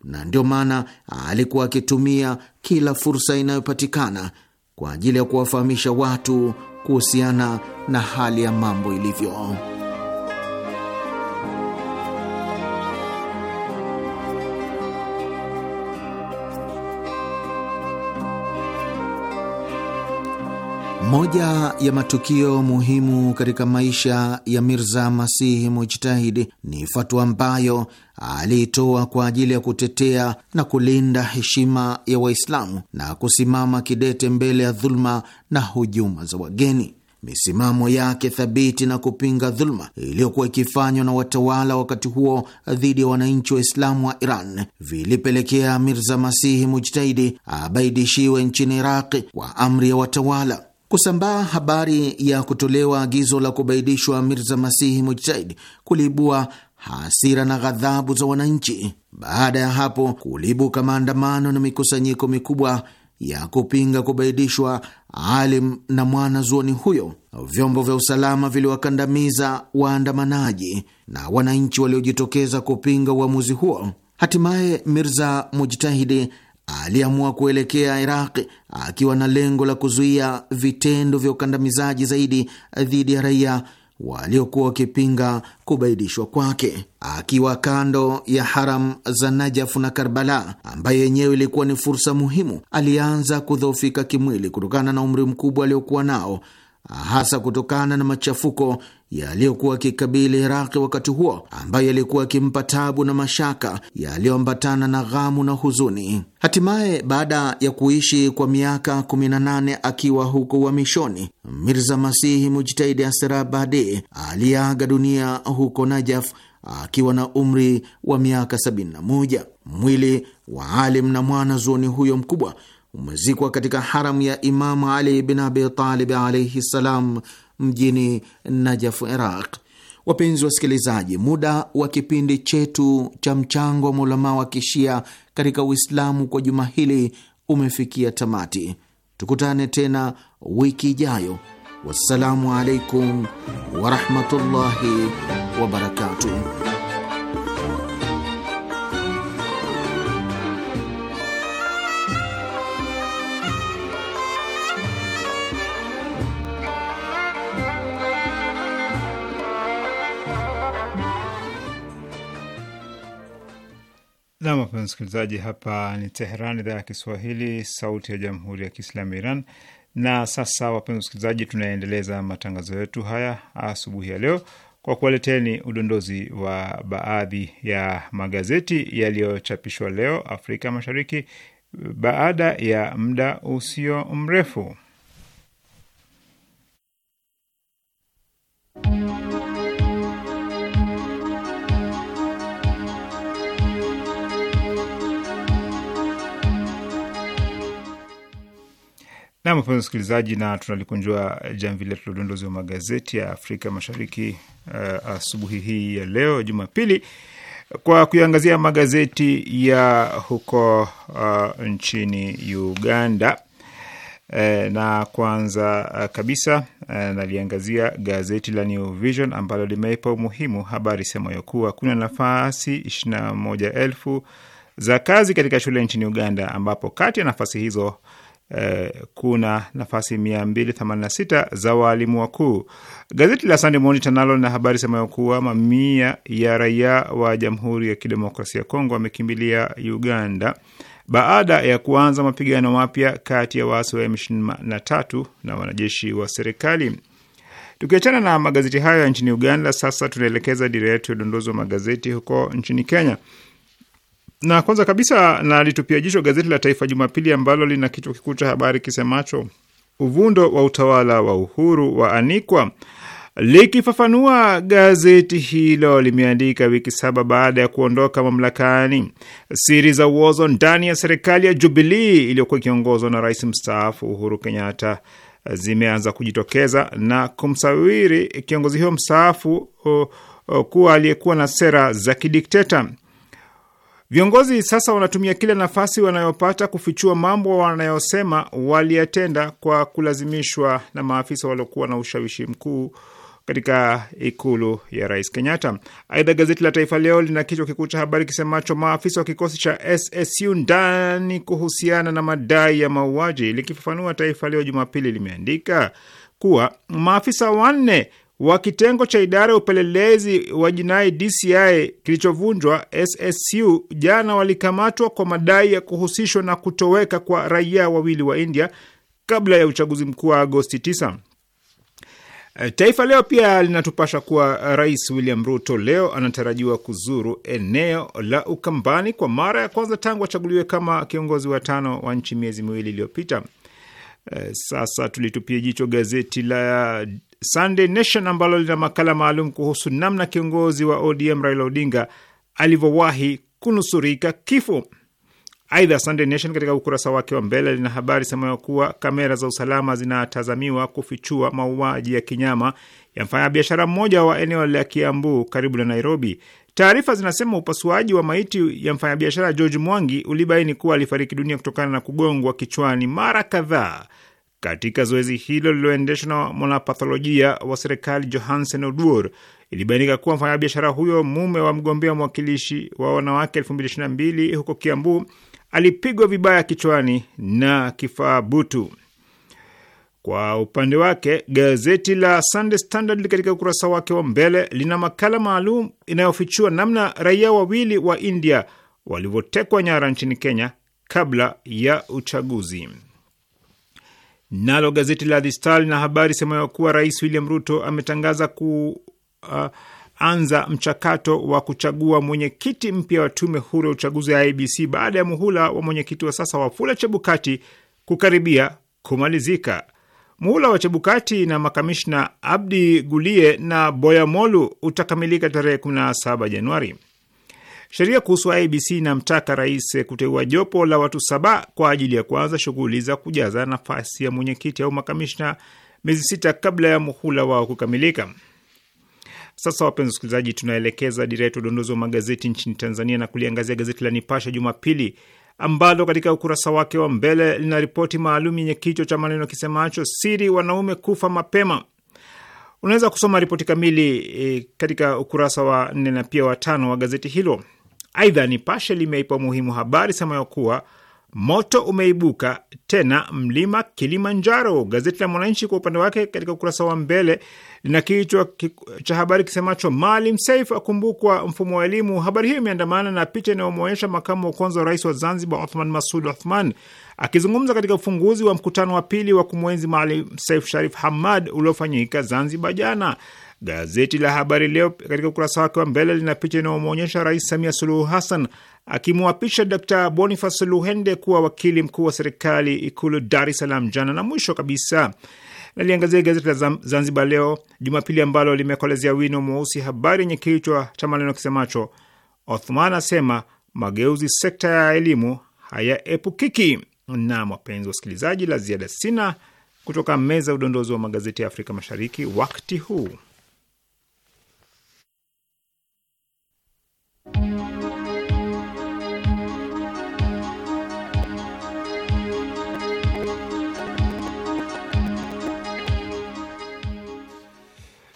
na ndio maana alikuwa akitumia kila fursa inayopatikana kwa ajili ya kuwafahamisha watu kuhusiana na hali ya mambo ilivyo. Moja ya matukio muhimu katika maisha ya Mirza Masihi Mujtahidi ni fatwa ambayo aliitoa kwa ajili ya kutetea na kulinda heshima ya Waislamu na kusimama kidete mbele ya dhuluma na hujuma za wageni. Misimamo yake thabiti na kupinga dhuluma iliyokuwa ikifanywa na watawala wakati huo dhidi ya wananchi Waislamu wa Iran vilipelekea Mirza Masihi Mujtahidi abaidishiwe nchini Iraqi kwa amri ya watawala. Kusambaa habari ya kutolewa agizo la kubaidishwa Mirza Masihi mujtahidi kuliibua hasira na ghadhabu za wananchi. Baada ya hapo, kuliibuka maandamano na mikusanyiko mikubwa ya kupinga kubaidishwa alim na mwana zuoni huyo. Vyombo vya usalama viliwakandamiza waandamanaji na wananchi waliojitokeza kupinga uamuzi huo. Hatimaye Mirza Mujtahidi aliamua kuelekea Iraq akiwa na lengo la kuzuia vitendo vya ukandamizaji zaidi dhidi ya raia waliokuwa wakipinga kubaidishwa kwake. Akiwa kando ya haram za Najafu na Karbala, ambayo yenyewe ilikuwa ni fursa muhimu, alianza kudhoofika kimwili kutokana na umri mkubwa aliokuwa nao, hasa kutokana na machafuko yaliyokuwa akikabili Iraqi wakati huo, ambayo yalikuwa yakimpa tabu na mashaka yaliyoambatana na ghamu na huzuni. Hatimaye, baada ya kuishi kwa miaka 18 akiwa huko uhamishoni, Mirza Masihi Mujtaidi Aserabadi aliyeaga dunia huko Najaf akiwa na umri wa miaka 71. Mwili wa alim na mwana zuoni huyo mkubwa umezikwa katika haramu ya Imamu Ali bin Abi Talib alaihi ssalam mjini Najaf, Iraq. Wapenzi wasikilizaji, muda wa kipindi chetu cha mchango wa maulamaa wa kishia katika Uislamu kwa juma hili umefikia tamati. Tukutane tena wiki ijayo. Wassalamu alaikum warahmatullahi wabarakatuh. Nam, wapenzi msikilizaji, hapa ni Teheran, idhaa ya Kiswahili, sauti ya jamhuri ya kiislamu Iran. Na sasa, wapenzi msikilizaji, tunaendeleza matangazo yetu haya asubuhi ya leo kwa kuwaleteni udondozi wa baadhi ya magazeti yaliyochapishwa leo Afrika Mashariki baada ya muda usio mrefu. Nam mpenzi msikilizaji, na tunalikunjua jamvi letu la udondozi wa magazeti ya Afrika Mashariki uh, asubuhi hii ya leo Jumapili, kwa kuiangazia magazeti ya huko uh, nchini Uganda. E, na kwanza uh, kabisa e, naliangazia gazeti la New Vision ambalo limeipa umuhimu habari semayo kuwa kuna nafasi 21 elfu za kazi katika shule nchini Uganda, ambapo kati ya nafasi hizo Eh, kuna nafasi 286 za waalimu wakuu. Gazeti la Sunday Monitor nalo lina habari semayo kuwa mamia ya raia wa Jamhuri ya Kidemokrasia ya Kongo wamekimbilia Uganda baada ya kuanza mapigano mapya kati ya waasi wa M23 na wanajeshi wa serikali. Tukiachana na magazeti hayo ya nchini Uganda, sasa tunaelekeza dira yetu ya udondozi wa magazeti huko nchini Kenya. Na kwanza kabisa nalitupia jicho gazeti la Taifa Jumapili ambalo lina kichwa kikuu cha habari kisemacho uvundo wa utawala wa Uhuru waanikwa. Likifafanua, gazeti hilo limeandika wiki saba baada ya kuondoka mamlakani, siri za uozo ndani ya serikali ya Jubilii iliyokuwa ikiongozwa na rais mstaafu Uhuru Kenyatta zimeanza kujitokeza na kumsawiri kiongozi huyo mstaafu uh, uh, kuwa aliyekuwa na sera za kidikteta. Viongozi sasa wanatumia kila nafasi wanayopata kufichua mambo wanayosema waliyatenda kwa kulazimishwa na maafisa waliokuwa na ushawishi mkuu katika ikulu ya rais Kenyatta. Aidha, gazeti la Taifa Leo lina kichwa kikuu cha habari kisemacho maafisa wa kikosi cha SSU ndani kuhusiana na madai ya mauaji. Likifafanua, Taifa Leo Jumapili limeandika kuwa maafisa wanne wa kitengo cha idara ya upelelezi wa jinai DCI kilichovunjwa SSU jana walikamatwa kwa madai ya kuhusishwa na kutoweka kwa raia wawili wa India kabla ya uchaguzi mkuu wa Agosti 9. Eh, Taifa Leo pia linatupasha kuwa Rais William Ruto leo anatarajiwa kuzuru eneo la Ukambani kwa mara ya kwanza tangu achaguliwe kama kiongozi wa tano wa nchi miezi miwili iliyopita. Eh, sasa tulitupia jicho gazeti la Sunday Nation ambalo lina makala maalum kuhusu namna kiongozi wa ODM Raila Odinga alivyowahi kunusurika kifo. Aidha, Sunday Nation katika ukurasa wake wa mbele lina habari semayo kuwa kamera za usalama zinatazamiwa kufichua mauaji ya kinyama ya mfanyabiashara mmoja wa eneo la Kiambu karibu na Nairobi. Taarifa zinasema upasuaji wa maiti ya mfanyabiashara George Mwangi ulibaini kuwa alifariki dunia kutokana na kugongwa kichwani mara kadhaa katika zoezi hilo lililoendeshwa na mwanapatholojia wa serikali Johansen Oduor, ilibainika kuwa mfanyabiashara huyo mume wa mgombea mwakilishi wa wanawake 2022 huko Kiambu alipigwa vibaya kichwani na kifaa butu. Kwa upande wake gazeti la Sunday Standard katika ukurasa wake wa mbele lina makala maalum inayofichua namna raia wawili wa India walivyotekwa nyara nchini Kenya kabla ya uchaguzi. Nalo gazeti la The Star lina habari semayo kuwa Rais William Ruto ametangaza kuanza uh, mchakato wa kuchagua mwenyekiti mpya wa tume huru ya uchaguzi ya IBC baada ya muhula wa mwenyekiti wa sasa Wafula Chebukati kukaribia kumalizika. Muhula wa Chebukati na makamishna Abdi Gulie na Boyamolu utakamilika tarehe 17 Januari. Sheria kuhusu IBC inamtaka rais kuteua jopo la watu saba kwa ajili ya kuanza shughuli za kujaza nafasi ya mwenyekiti au makamishna miezi sita kabla ya muhula wao kukamilika. Sasa wapenzi wasikilizaji, tunaelekeza dira yetu udondozi wa magazeti nchini Tanzania na kuliangazia gazeti la Nipasha Jumapili ambalo katika ukurasa wake wa mbele lina ripoti maalum yenye kichwa cha maneno kisemacho siri wanaume kufa mapema. Unaweza kusoma ripoti kamili e, katika ukurasa wa nne na pia watano wa gazeti hilo. Aidha, Nipashe limeipa umuhimu habari semayo kuwa moto umeibuka tena mlima Kilimanjaro. Gazeti la Mwananchi kwa upande wake, katika ukurasa wa mbele lina kichwa cha habari kisemacho Maalim Seif akumbukwa mfumo wa elimu. Habari hiyo imeandamana na picha inayomwonyesha makamu wa kwanza wa rais wa Zanzibar Othman Masud Othman akizungumza katika ufunguzi wa mkutano wa pili wa kumwenzi Maalim Seif Sharif Hamad uliofanyika Zanzibar jana. Gazeti la Habari Leo katika ukurasa wake wa mbele lina picha inayomwonyesha Rais Samia Suluhu Hassan akimwapisha Dkt Boniface Luhende kuwa wakili mkuu wa serikali Ikulu Dar es Salaam jana. Na mwisho kabisa naliangazia gazeti la Zanzibar Leo Jumapili ambalo limekolezea wino mweusi habari yenye kichwa cha maneno kisemacho Othman asema mageuzi sekta ya elimu hayaepukiki. Na wapenzi usikilizaji, la ziada sina kutoka meza udondozi wa magazeti ya Afrika Mashariki wakati huu.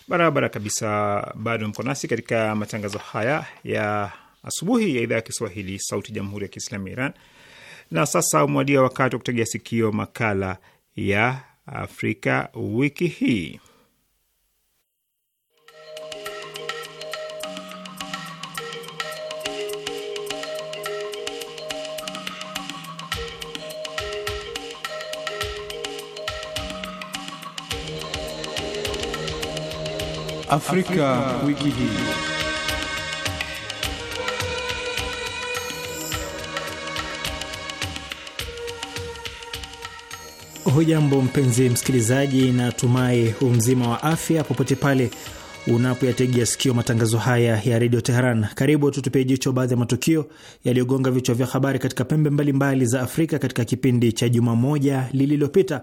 Barabara kabisa, bado mko nasi katika matangazo haya ya asubuhi ya idhaa ya Kiswahili, Sauti ya Jamhuri ya Kiislamu ya Iran. Na sasa umewadia wakati wa kutegea sikio makala ya Afrika wiki hii. Afrika, wiki hii. Hujambo mpenzi msikilizaji, na tumai umzima wa afya popote pale unapoyategea sikio matangazo haya ya redio Teheran. Karibu tutupie jicho baadhi ya matukio yaliyogonga vichwa vya habari katika pembe mbalimbali mbali za Afrika katika kipindi cha juma moja lililopita.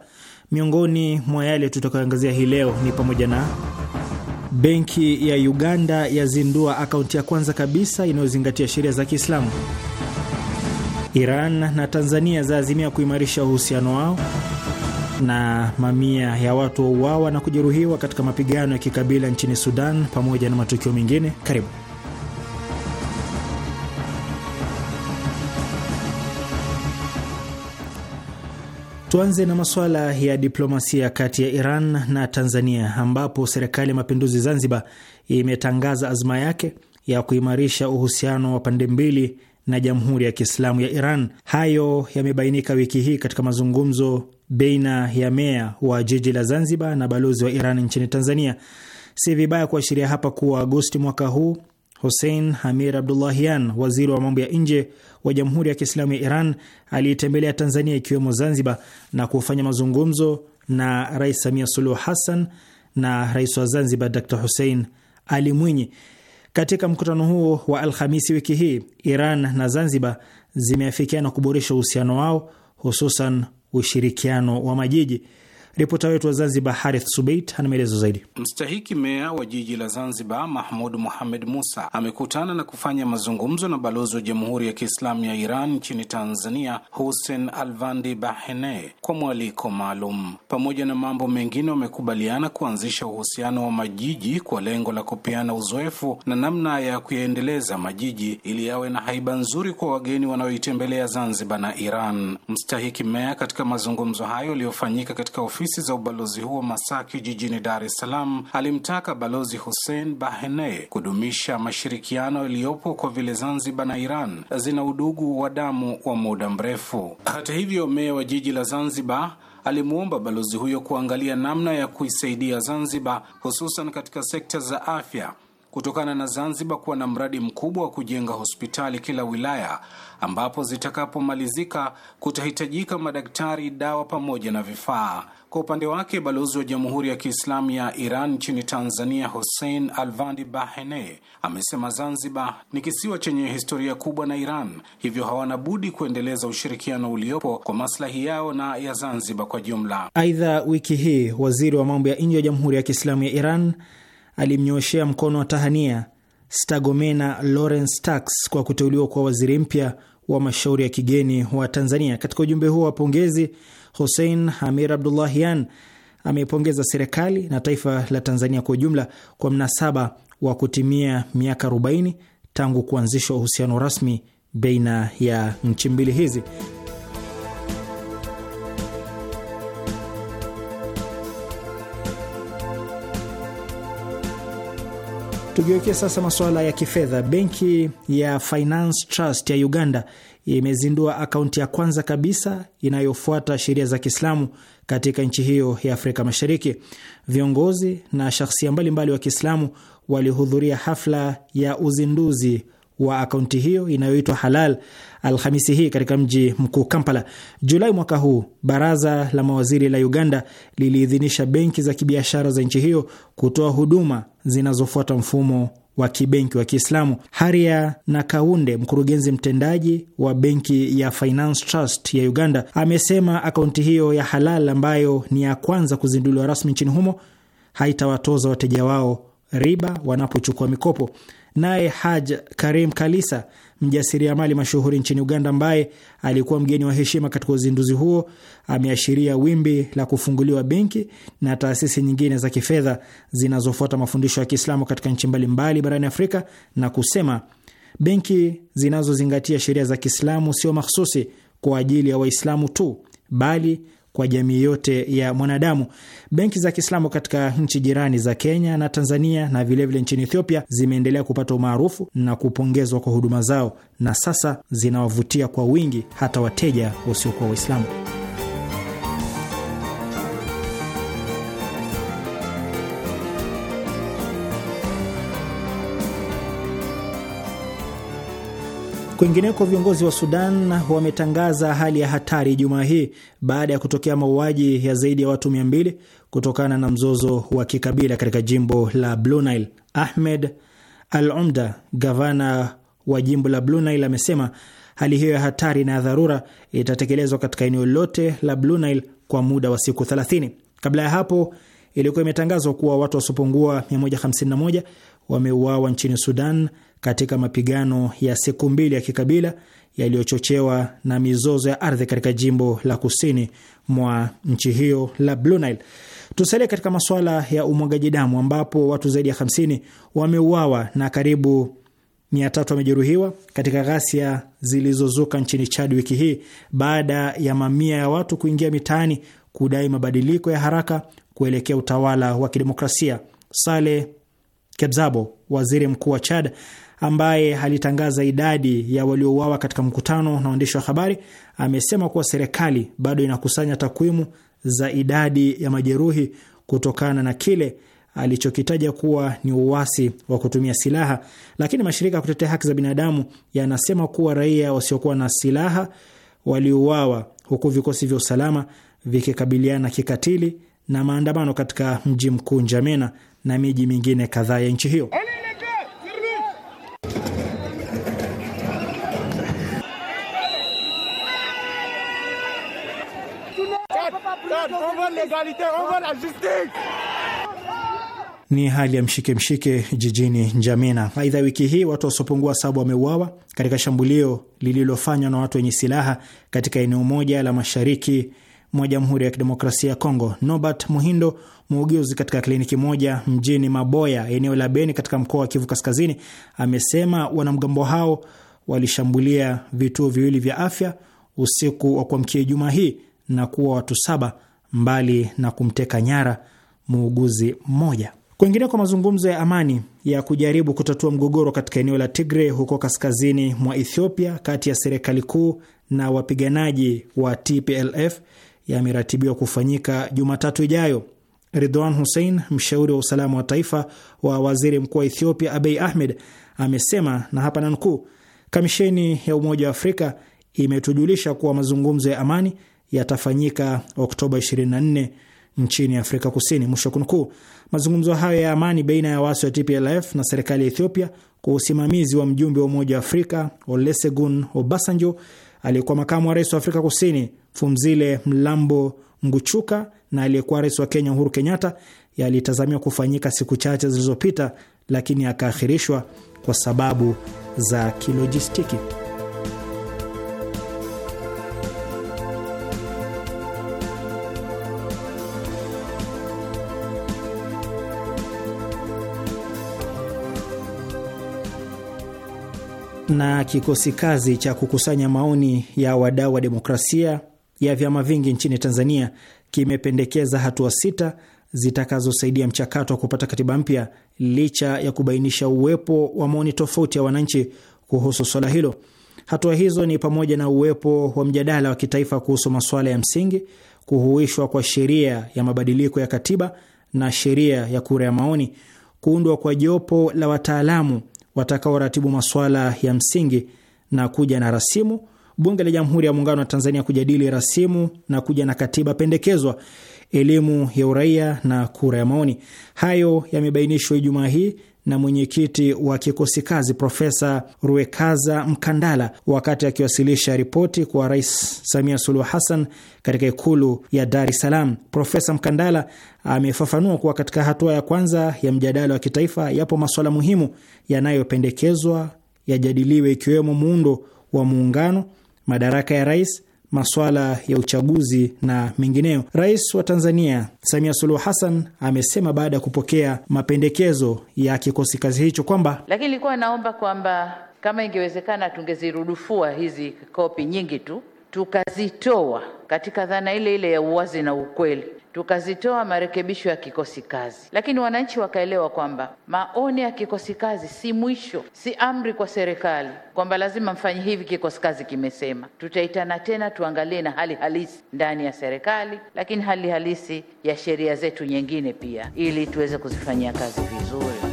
Miongoni mwa yale tutakayoangazia hii leo ni pamoja na Benki ya Uganda yazindua akaunti ya kwanza kabisa inayozingatia sheria za Kiislamu. Iran na Tanzania zaazimia kuimarisha uhusiano wao, na mamia ya watu wauawa na kujeruhiwa katika mapigano ya kikabila nchini Sudan, pamoja na matukio mengine. Karibu. Tuanze na masuala ya diplomasia kati ya Iran na Tanzania, ambapo serikali ya mapinduzi Zanzibar imetangaza azma yake ya kuimarisha uhusiano wa pande mbili na Jamhuri ya Kiislamu ya Iran. Hayo yamebainika wiki hii katika mazungumzo baina ya meya wa jiji la Zanzibar na balozi wa Iran nchini Tanzania. Si vibaya kuashiria hapa kuwa Agosti mwaka huu Hussein Hamir Abdullahian, waziri wa mambo ya nje wa Jamhuri ya Kiislamu ya Iran, aliitembelea Tanzania ikiwemo Zanzibar na kufanya mazungumzo na Rais Samia Suluhu Hassan na rais wa Zanzibar Dr Hussein Ali Mwinyi. Katika mkutano huo wa Alhamisi wiki hii, Iran na Zanzibar zimeafikiana kuboresha uhusiano wao, hususan ushirikiano wa majiji. Ripota wetu wa Zanzibar, Harith Subeit, ana maelezo zaidi. Mstahiki meya wa jiji la Zanzibar, Mahmud Muhamed Musa, amekutana na kufanya mazungumzo na balozi wa Jamhuri ya Kiislamu ya Iran nchini Tanzania, Hussein Alvandi Bahene, kwa mwaliko maalum. Pamoja na mambo mengine, wamekubaliana kuanzisha uhusiano wa majiji kwa lengo la kupeana uzoefu na namna ya kuyaendeleza majiji ili yawe na haiba nzuri kwa wageni wanaoitembelea Zanzibar na Iran. Mstahiki meya katika mazungumzo hayo yaliyofanyika katika ofisi za ubalozi huo Masaki jijini Dar es Salaam, alimtaka Balozi Hussein Bahene kudumisha mashirikiano yaliyopo kwa vile Zanzibar na Iran zina udugu wa damu wa muda mrefu. Hata hivyo, meya wa jiji la Zanzibar alimwomba balozi huyo kuangalia namna ya kuisaidia Zanzibar hususan katika sekta za afya kutokana na Zanzibar kuwa na mradi mkubwa wa kujenga hospitali kila wilaya, ambapo zitakapomalizika kutahitajika madaktari, dawa pamoja na vifaa. Kwa upande wake balozi wa Jamhuri ya Kiislamu ya Iran nchini Tanzania, Hussein Alvandi Bahene, amesema Zanzibar ni kisiwa chenye historia kubwa na Iran, hivyo hawana budi kuendeleza ushirikiano uliopo kwa maslahi yao na ya Zanzibar kwa jumla. Aidha, wiki hii waziri wa mambo ya nje wa Jamhuri ya Kiislamu ya Iran alimnyooshea mkono wa tahania Stagomena Lawrence Tax kwa kuteuliwa kwa waziri mpya wa mashauri ya kigeni wa Tanzania. Katika ujumbe huo wa pongezi Hussein Hamir Abdullahian ameipongeza serikali na taifa la Tanzania kwa ujumla kwa mnasaba wa kutimia miaka 40 tangu kuanzishwa uhusiano rasmi baina ya nchi mbili hizi. Tugeukie sasa masuala ya kifedha. Benki ya Finance Trust ya Uganda imezindua akaunti ya kwanza kabisa inayofuata sheria za Kiislamu katika nchi hiyo ya Afrika Mashariki. Viongozi na shahsia mbalimbali wa Kiislamu walihudhuria hafla ya uzinduzi wa akaunti hiyo inayoitwa Halal Alhamisi hii katika mji mkuu Kampala. Julai mwaka huu, baraza la mawaziri la Uganda liliidhinisha benki za kibiashara za nchi hiyo kutoa huduma zinazofuata mfumo wa kibenki wa Kiislamu. Haria Nakaunde, mkurugenzi mtendaji wa benki ya Finance Trust ya Uganda, amesema akaunti hiyo ya Halal ambayo ni ya kwanza kuzinduliwa rasmi nchini humo haitawatoza wateja wao riba wanapochukua mikopo. Naye Haj Karim Kalisa, mjasiriamali mashuhuri nchini Uganda, ambaye alikuwa mgeni wa heshima katika uzinduzi huo, ameashiria wimbi la kufunguliwa benki na taasisi nyingine za kifedha zinazofuata mafundisho ya Kiislamu katika nchi mbalimbali barani Afrika na kusema benki zinazozingatia sheria za Kiislamu sio mahsusi kwa ajili ya Waislamu tu bali kwa jamii yote ya mwanadamu. Benki za Kiislamu katika nchi jirani za Kenya na Tanzania na vilevile vile nchini Ethiopia zimeendelea kupata umaarufu na kupongezwa kwa huduma zao, na sasa zinawavutia kwa wingi hata wateja wasiokuwa Waislamu. Kwingineko, viongozi wa Sudan wametangaza hali ya hatari Jumaa hii baada ya kutokea mauaji ya zaidi ya watu 200 kutokana na mzozo wa kikabila katika jimbo la Blue Nile. Ahmed Al Umda, gavana wa jimbo la Blue Nile, amesema hali hiyo ya hatari na ya dharura itatekelezwa katika eneo lote la Blue Nile kwa muda wa siku 30. Kabla ya hapo ilikuwa imetangazwa kuwa watu wasiopungua 151 wameuawa nchini Sudan katika mapigano ya siku mbili ya kikabila yaliyochochewa na mizozo ya ardhi katika jimbo la kusini mwa nchi hiyo la Blue Nile. Tusalia katika masuala ya umwagaji damu ambapo watu zaidi ya 50 wameuawa na karibu 300 wamejeruhiwa katika ghasia zilizozuka nchini Chad wiki hii baada ya mamia ya watu kuingia mitaani kudai mabadiliko ya haraka kuelekea utawala wa kidemokrasia. Sale Kebzabo, waziri mkuu wa Chad, ambaye alitangaza idadi ya waliouawa katika mkutano na waandishi wa habari, amesema kuwa serikali bado inakusanya takwimu za idadi ya majeruhi kutokana na kile alichokitaja kuwa ni uwasi wa kutumia silaha, lakini mashirika ya kutetea haki za binadamu yanasema kuwa raia wasiokuwa na silaha waliuawa huku vikosi vya usalama vikikabiliana kikatili na maandamano katika mji mkuu Njamena na miji mingine kadhaa ya nchi hiyo. Ni hali ya mshike mshike jijini Njamena. Aidha, wiki hii watu wasiopungua saba wameuawa katika shambulio lililofanywa na watu wenye silaha katika eneo moja la mashariki mwa Jamhuri ya Kidemokrasia ya Kongo. nobert Muhindo, muuguzi katika kliniki moja mjini Maboya, eneo la Beni katika mkoa wa Kivu Kaskazini, amesema wanamgambo hao walishambulia vituo viwili vya afya usiku wa kuamkia juma hii na kuwa watu saba, mbali na kumteka nyara muuguzi mmoja. Kuinginea kwa mazungumzo ya amani ya kujaribu kutatua mgogoro katika eneo la Tigre huko kaskazini mwa Ethiopia, kati ya serikali kuu na wapiganaji wa TPLF yameratibiwa kufanyika Jumatatu ijayo. Ridwan Hussein, mshauri wa usalama wa taifa wa waziri mkuu wa Ethiopia Abiy Ahmed, amesema na hapa nanukuu, kamisheni ya Umoja wa Afrika imetujulisha kuwa mazungumzo ya amani yatafanyika Oktoba 24 nchini Afrika Kusini, mwisho wa kunukuu. Mazungumzo hayo ya amani baina ya waasi wa TPLF na serikali ya Ethiopia kwa usimamizi wa mjumbe wa Umoja wa Afrika Olusegun Obasanjo, aliyekuwa makamu wa rais wa Afrika Kusini Fumzile Mlambo Nguchuka na aliyekuwa rais wa Kenya Uhuru Kenyatta yalitazamiwa kufanyika siku chache zilizopita, lakini yakaahirishwa kwa sababu za kilojistiki. na kikosi kazi cha kukusanya maoni ya wadau wa demokrasia ya vyama vingi nchini Tanzania kimependekeza hatua sita zitakazosaidia mchakato wa kupata katiba mpya licha ya kubainisha uwepo wa maoni tofauti ya wananchi kuhusu swala hilo. Hatua hizo ni pamoja na uwepo wa mjadala wa kitaifa kuhusu masuala ya msingi, kuhuishwa kwa sheria ya mabadiliko ya katiba na sheria ya kura ya maoni, kuundwa kwa jopo la wataalamu watakaoratibu masuala ya msingi na kuja na rasimu bunge la Jamhuri ya Muungano wa Tanzania kujadili rasimu na kuja na katiba pendekezwa, elimu ya uraia na kura ya maoni. Hayo yamebainishwa Ijumaa hii na mwenyekiti wa kikosi kazi Profesa Ruekaza Mkandala wakati akiwasilisha ripoti kwa Rais Samia Suluhu Hassan katika Ikulu ya Dar es Salaam. Profesa Mkandala amefafanua kuwa katika hatua ya kwanza ya mjadala wa kitaifa yapo masuala muhimu yanayopendekezwa yajadiliwe, ikiwemo muundo wa muungano madaraka ya rais, masuala ya uchaguzi na mengineyo. Rais wa Tanzania Samia Suluhu Hassan amesema baada ya kupokea mapendekezo ya kikosi kazi hicho kwamba, lakini ilikuwa naomba kwamba kama ingewezekana tungezirudufua hizi kopi nyingi tu tukazitoa katika dhana ile ile ya uwazi na ukweli, tukazitoa marekebisho ya kikosi kazi, lakini wananchi wakaelewa kwamba maoni ya kikosi kazi si mwisho, si amri kwa serikali kwamba lazima mfanye hivi. Kikosi kazi kimesema, tutaitana tena tuangalie na hali halisi ndani ya serikali, lakini hali halisi ya sheria zetu nyingine pia, ili tuweze kuzifanyia kazi vizuri.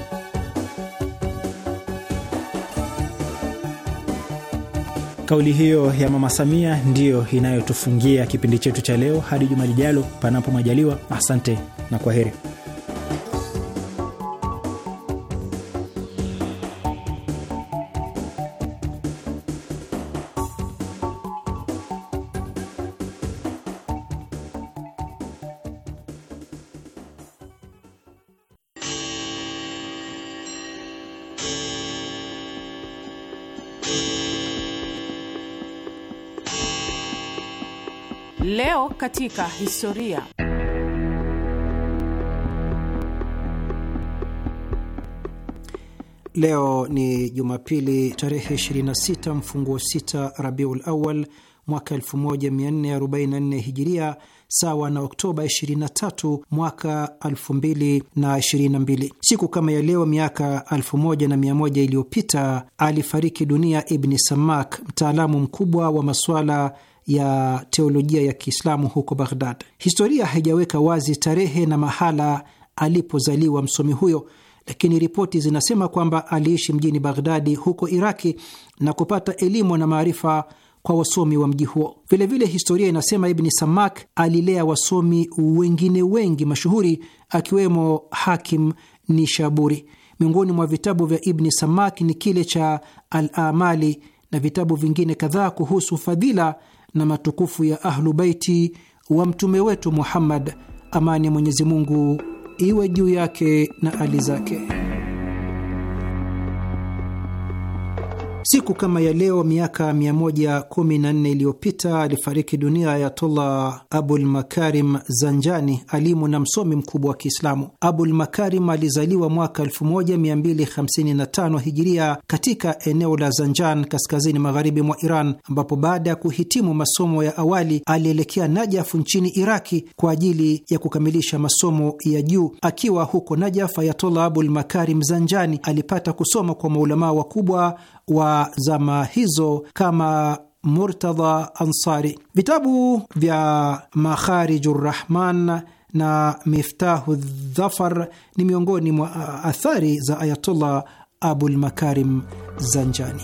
Kauli hiyo ya Mama Samia ndiyo inayotufungia kipindi chetu cha leo. Hadi juma lijalo, panapo majaliwa. Asante na kwa heri. katika historia. Leo ni Jumapili tarehe 26 mfunguo 6 Rabiul Awal mwaka 1444 Hijiria, sawa na Oktoba 23 mwaka 2022. Siku kama ya leo miaka 1100 iliyopita alifariki dunia Ibni Samak, mtaalamu mkubwa wa masuala ya teolojia ya Kiislamu huko Baghdad. Historia haijaweka wazi tarehe na mahala alipozaliwa msomi huyo, lakini ripoti zinasema kwamba aliishi mjini Baghdadi huko Iraki na kupata elimu na maarifa kwa wasomi wa mji huo. Vilevile historia inasema Ibni Samak alilea wasomi wengine wengi mashuhuri akiwemo Hakim Nishaburi. Miongoni mwa vitabu vya Ibni Samak ni kile cha Al Amali na vitabu vingine kadhaa kuhusu fadhila na matukufu ya Ahlu Baiti wa mtume wetu Muhammad, amani ya Mwenyezi Mungu iwe juu yake na ali zake. Siku kama ya leo miaka 114 iliyopita alifariki dunia Ayatullah Abul Makarim Zanjani, alimu na msomi mkubwa wa Kiislamu. Abul Makarim alizaliwa mwaka 1255 Hijiria katika eneo la Zanjan, kaskazini magharibi mwa Iran, ambapo baada ya kuhitimu masomo ya awali alielekea Najafu nchini Iraki kwa ajili ya kukamilisha masomo ya juu. Akiwa huko Najaf, Ayatollah Abul Makarim Zanjani alipata kusoma kwa maulamaa wakubwa wa zama hizo kama Murtadha Ansari. Vitabu vya Makhariju Rahman na Miftahu Dhafar ni miongoni mwa athari za Ayatullah Abulmakarim Zanjani.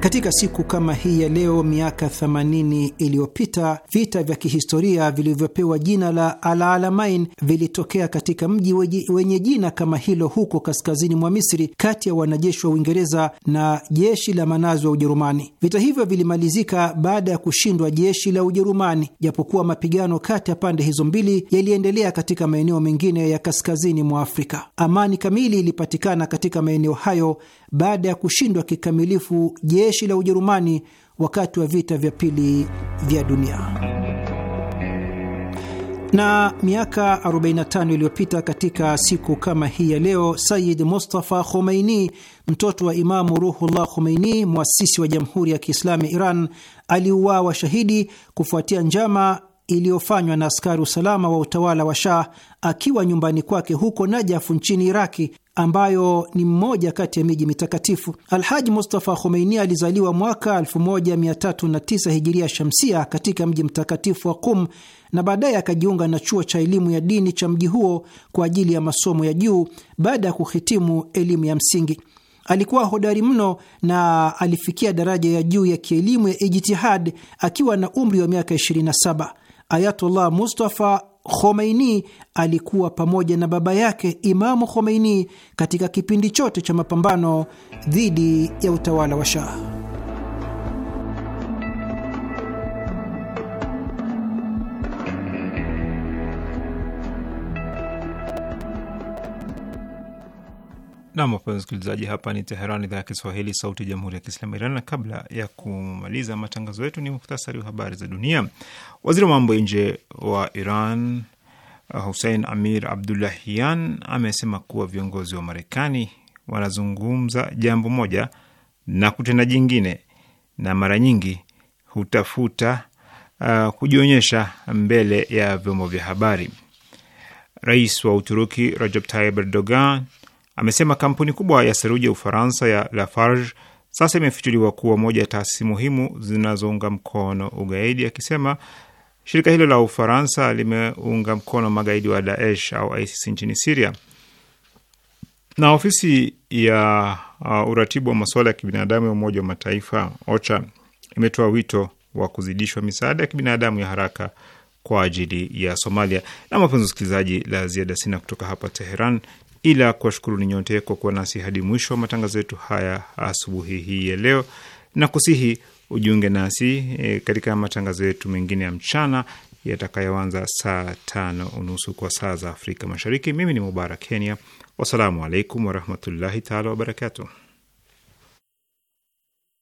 Katika siku kama hii ya leo miaka 80 iliyopita vita vya kihistoria vilivyopewa jina la alalamain vilitokea katika mji wenye jina kama hilo huko kaskazini mwa Misri, kati ya wanajeshi wa Uingereza na jeshi la manazi wa Ujerumani. Vita hivyo vilimalizika baada ya kushindwa jeshi la Ujerumani, japokuwa mapigano kati ya pande hizo mbili yaliendelea katika maeneo mengine ya kaskazini mwa Afrika. Amani kamili ilipatikana katika maeneo hayo baada ya kushindwa kikamilifu jeshi jeshi la Ujerumani wakati wa vita vya pili vya dunia. Na miaka 45 iliyopita katika siku kama hii ya leo, Sayid Mustafa Khomeini, mtoto wa Imamu Ruhullah Khomeini, mwasisi wa Jamhuri ya Kiislamu ya Iran, aliuawa shahidi kufuatia njama iliyofanywa na askari usalama wa utawala wa Shah akiwa nyumbani kwake huko Najafu nchini Iraki ambayo ni mmoja kati ya miji mitakatifu. Alhaji Mustafa Khomeini alizaliwa mwaka 1309 hijiria shamsia katika mji mtakatifu wa Qum na baadaye akajiunga na chuo cha elimu ya dini cha mji huo kwa ajili ya masomo ya juu baada ya kuhitimu elimu ya msingi. Alikuwa hodari mno na alifikia daraja ya juu ya kielimu ya ijtihad akiwa na umri wa miaka 27. Ayatullah Mustafa Khomeini alikuwa pamoja na baba yake Imamu Khomeini katika kipindi chote cha mapambano dhidi ya utawala wa Shah. Nam, wapenzi msikilizaji, hapa ni Teheran, idhaa ya Kiswahili, sauti ya jamhuri ya kiislamu Iran. Na kabla ya kumaliza matangazo yetu, ni muhtasari wa habari za dunia. Waziri wa mambo ya nje wa Iran uh, Hussein Amir Abdullahian amesema kuwa viongozi wa Marekani wanazungumza jambo moja na kutenda jingine, na mara nyingi hutafuta uh, kujionyesha mbele ya vyombo vya habari. Rais wa Uturuki Rajab Tayyip Erdogan amesema kampuni kubwa ya seruji ya Ufaransa ya Lafarge sasa imefichuliwa kuwa moja ya taasisi muhimu zinazounga mkono ugaidi, akisema shirika hilo la Ufaransa limeunga mkono magaidi wa Daesh au ISIS nchini Siria. Na ofisi ya uh, uratibu wa masuala ya kibinadamu ya Umoja wa Mataifa OCHA imetoa wito wa kuzidishwa misaada ya kibinadamu ya haraka kwa ajili ya Somalia. Na mapenzi usikilizaji, la ziada sina kutoka hapa Teheran ila kuwashukuruni nyote kwa kuwa nasi hadi mwisho wa matangazo yetu haya asubuhi hii ya leo, na kusihi ujiunge nasi e, katika matangazo yetu mengine ya mchana yatakayoanza saa tano unusu kwa saa za Afrika Mashariki. Mimi ni Mubarak Kenya, wassalamu alaikum warahmatullahi taala wabarakatuh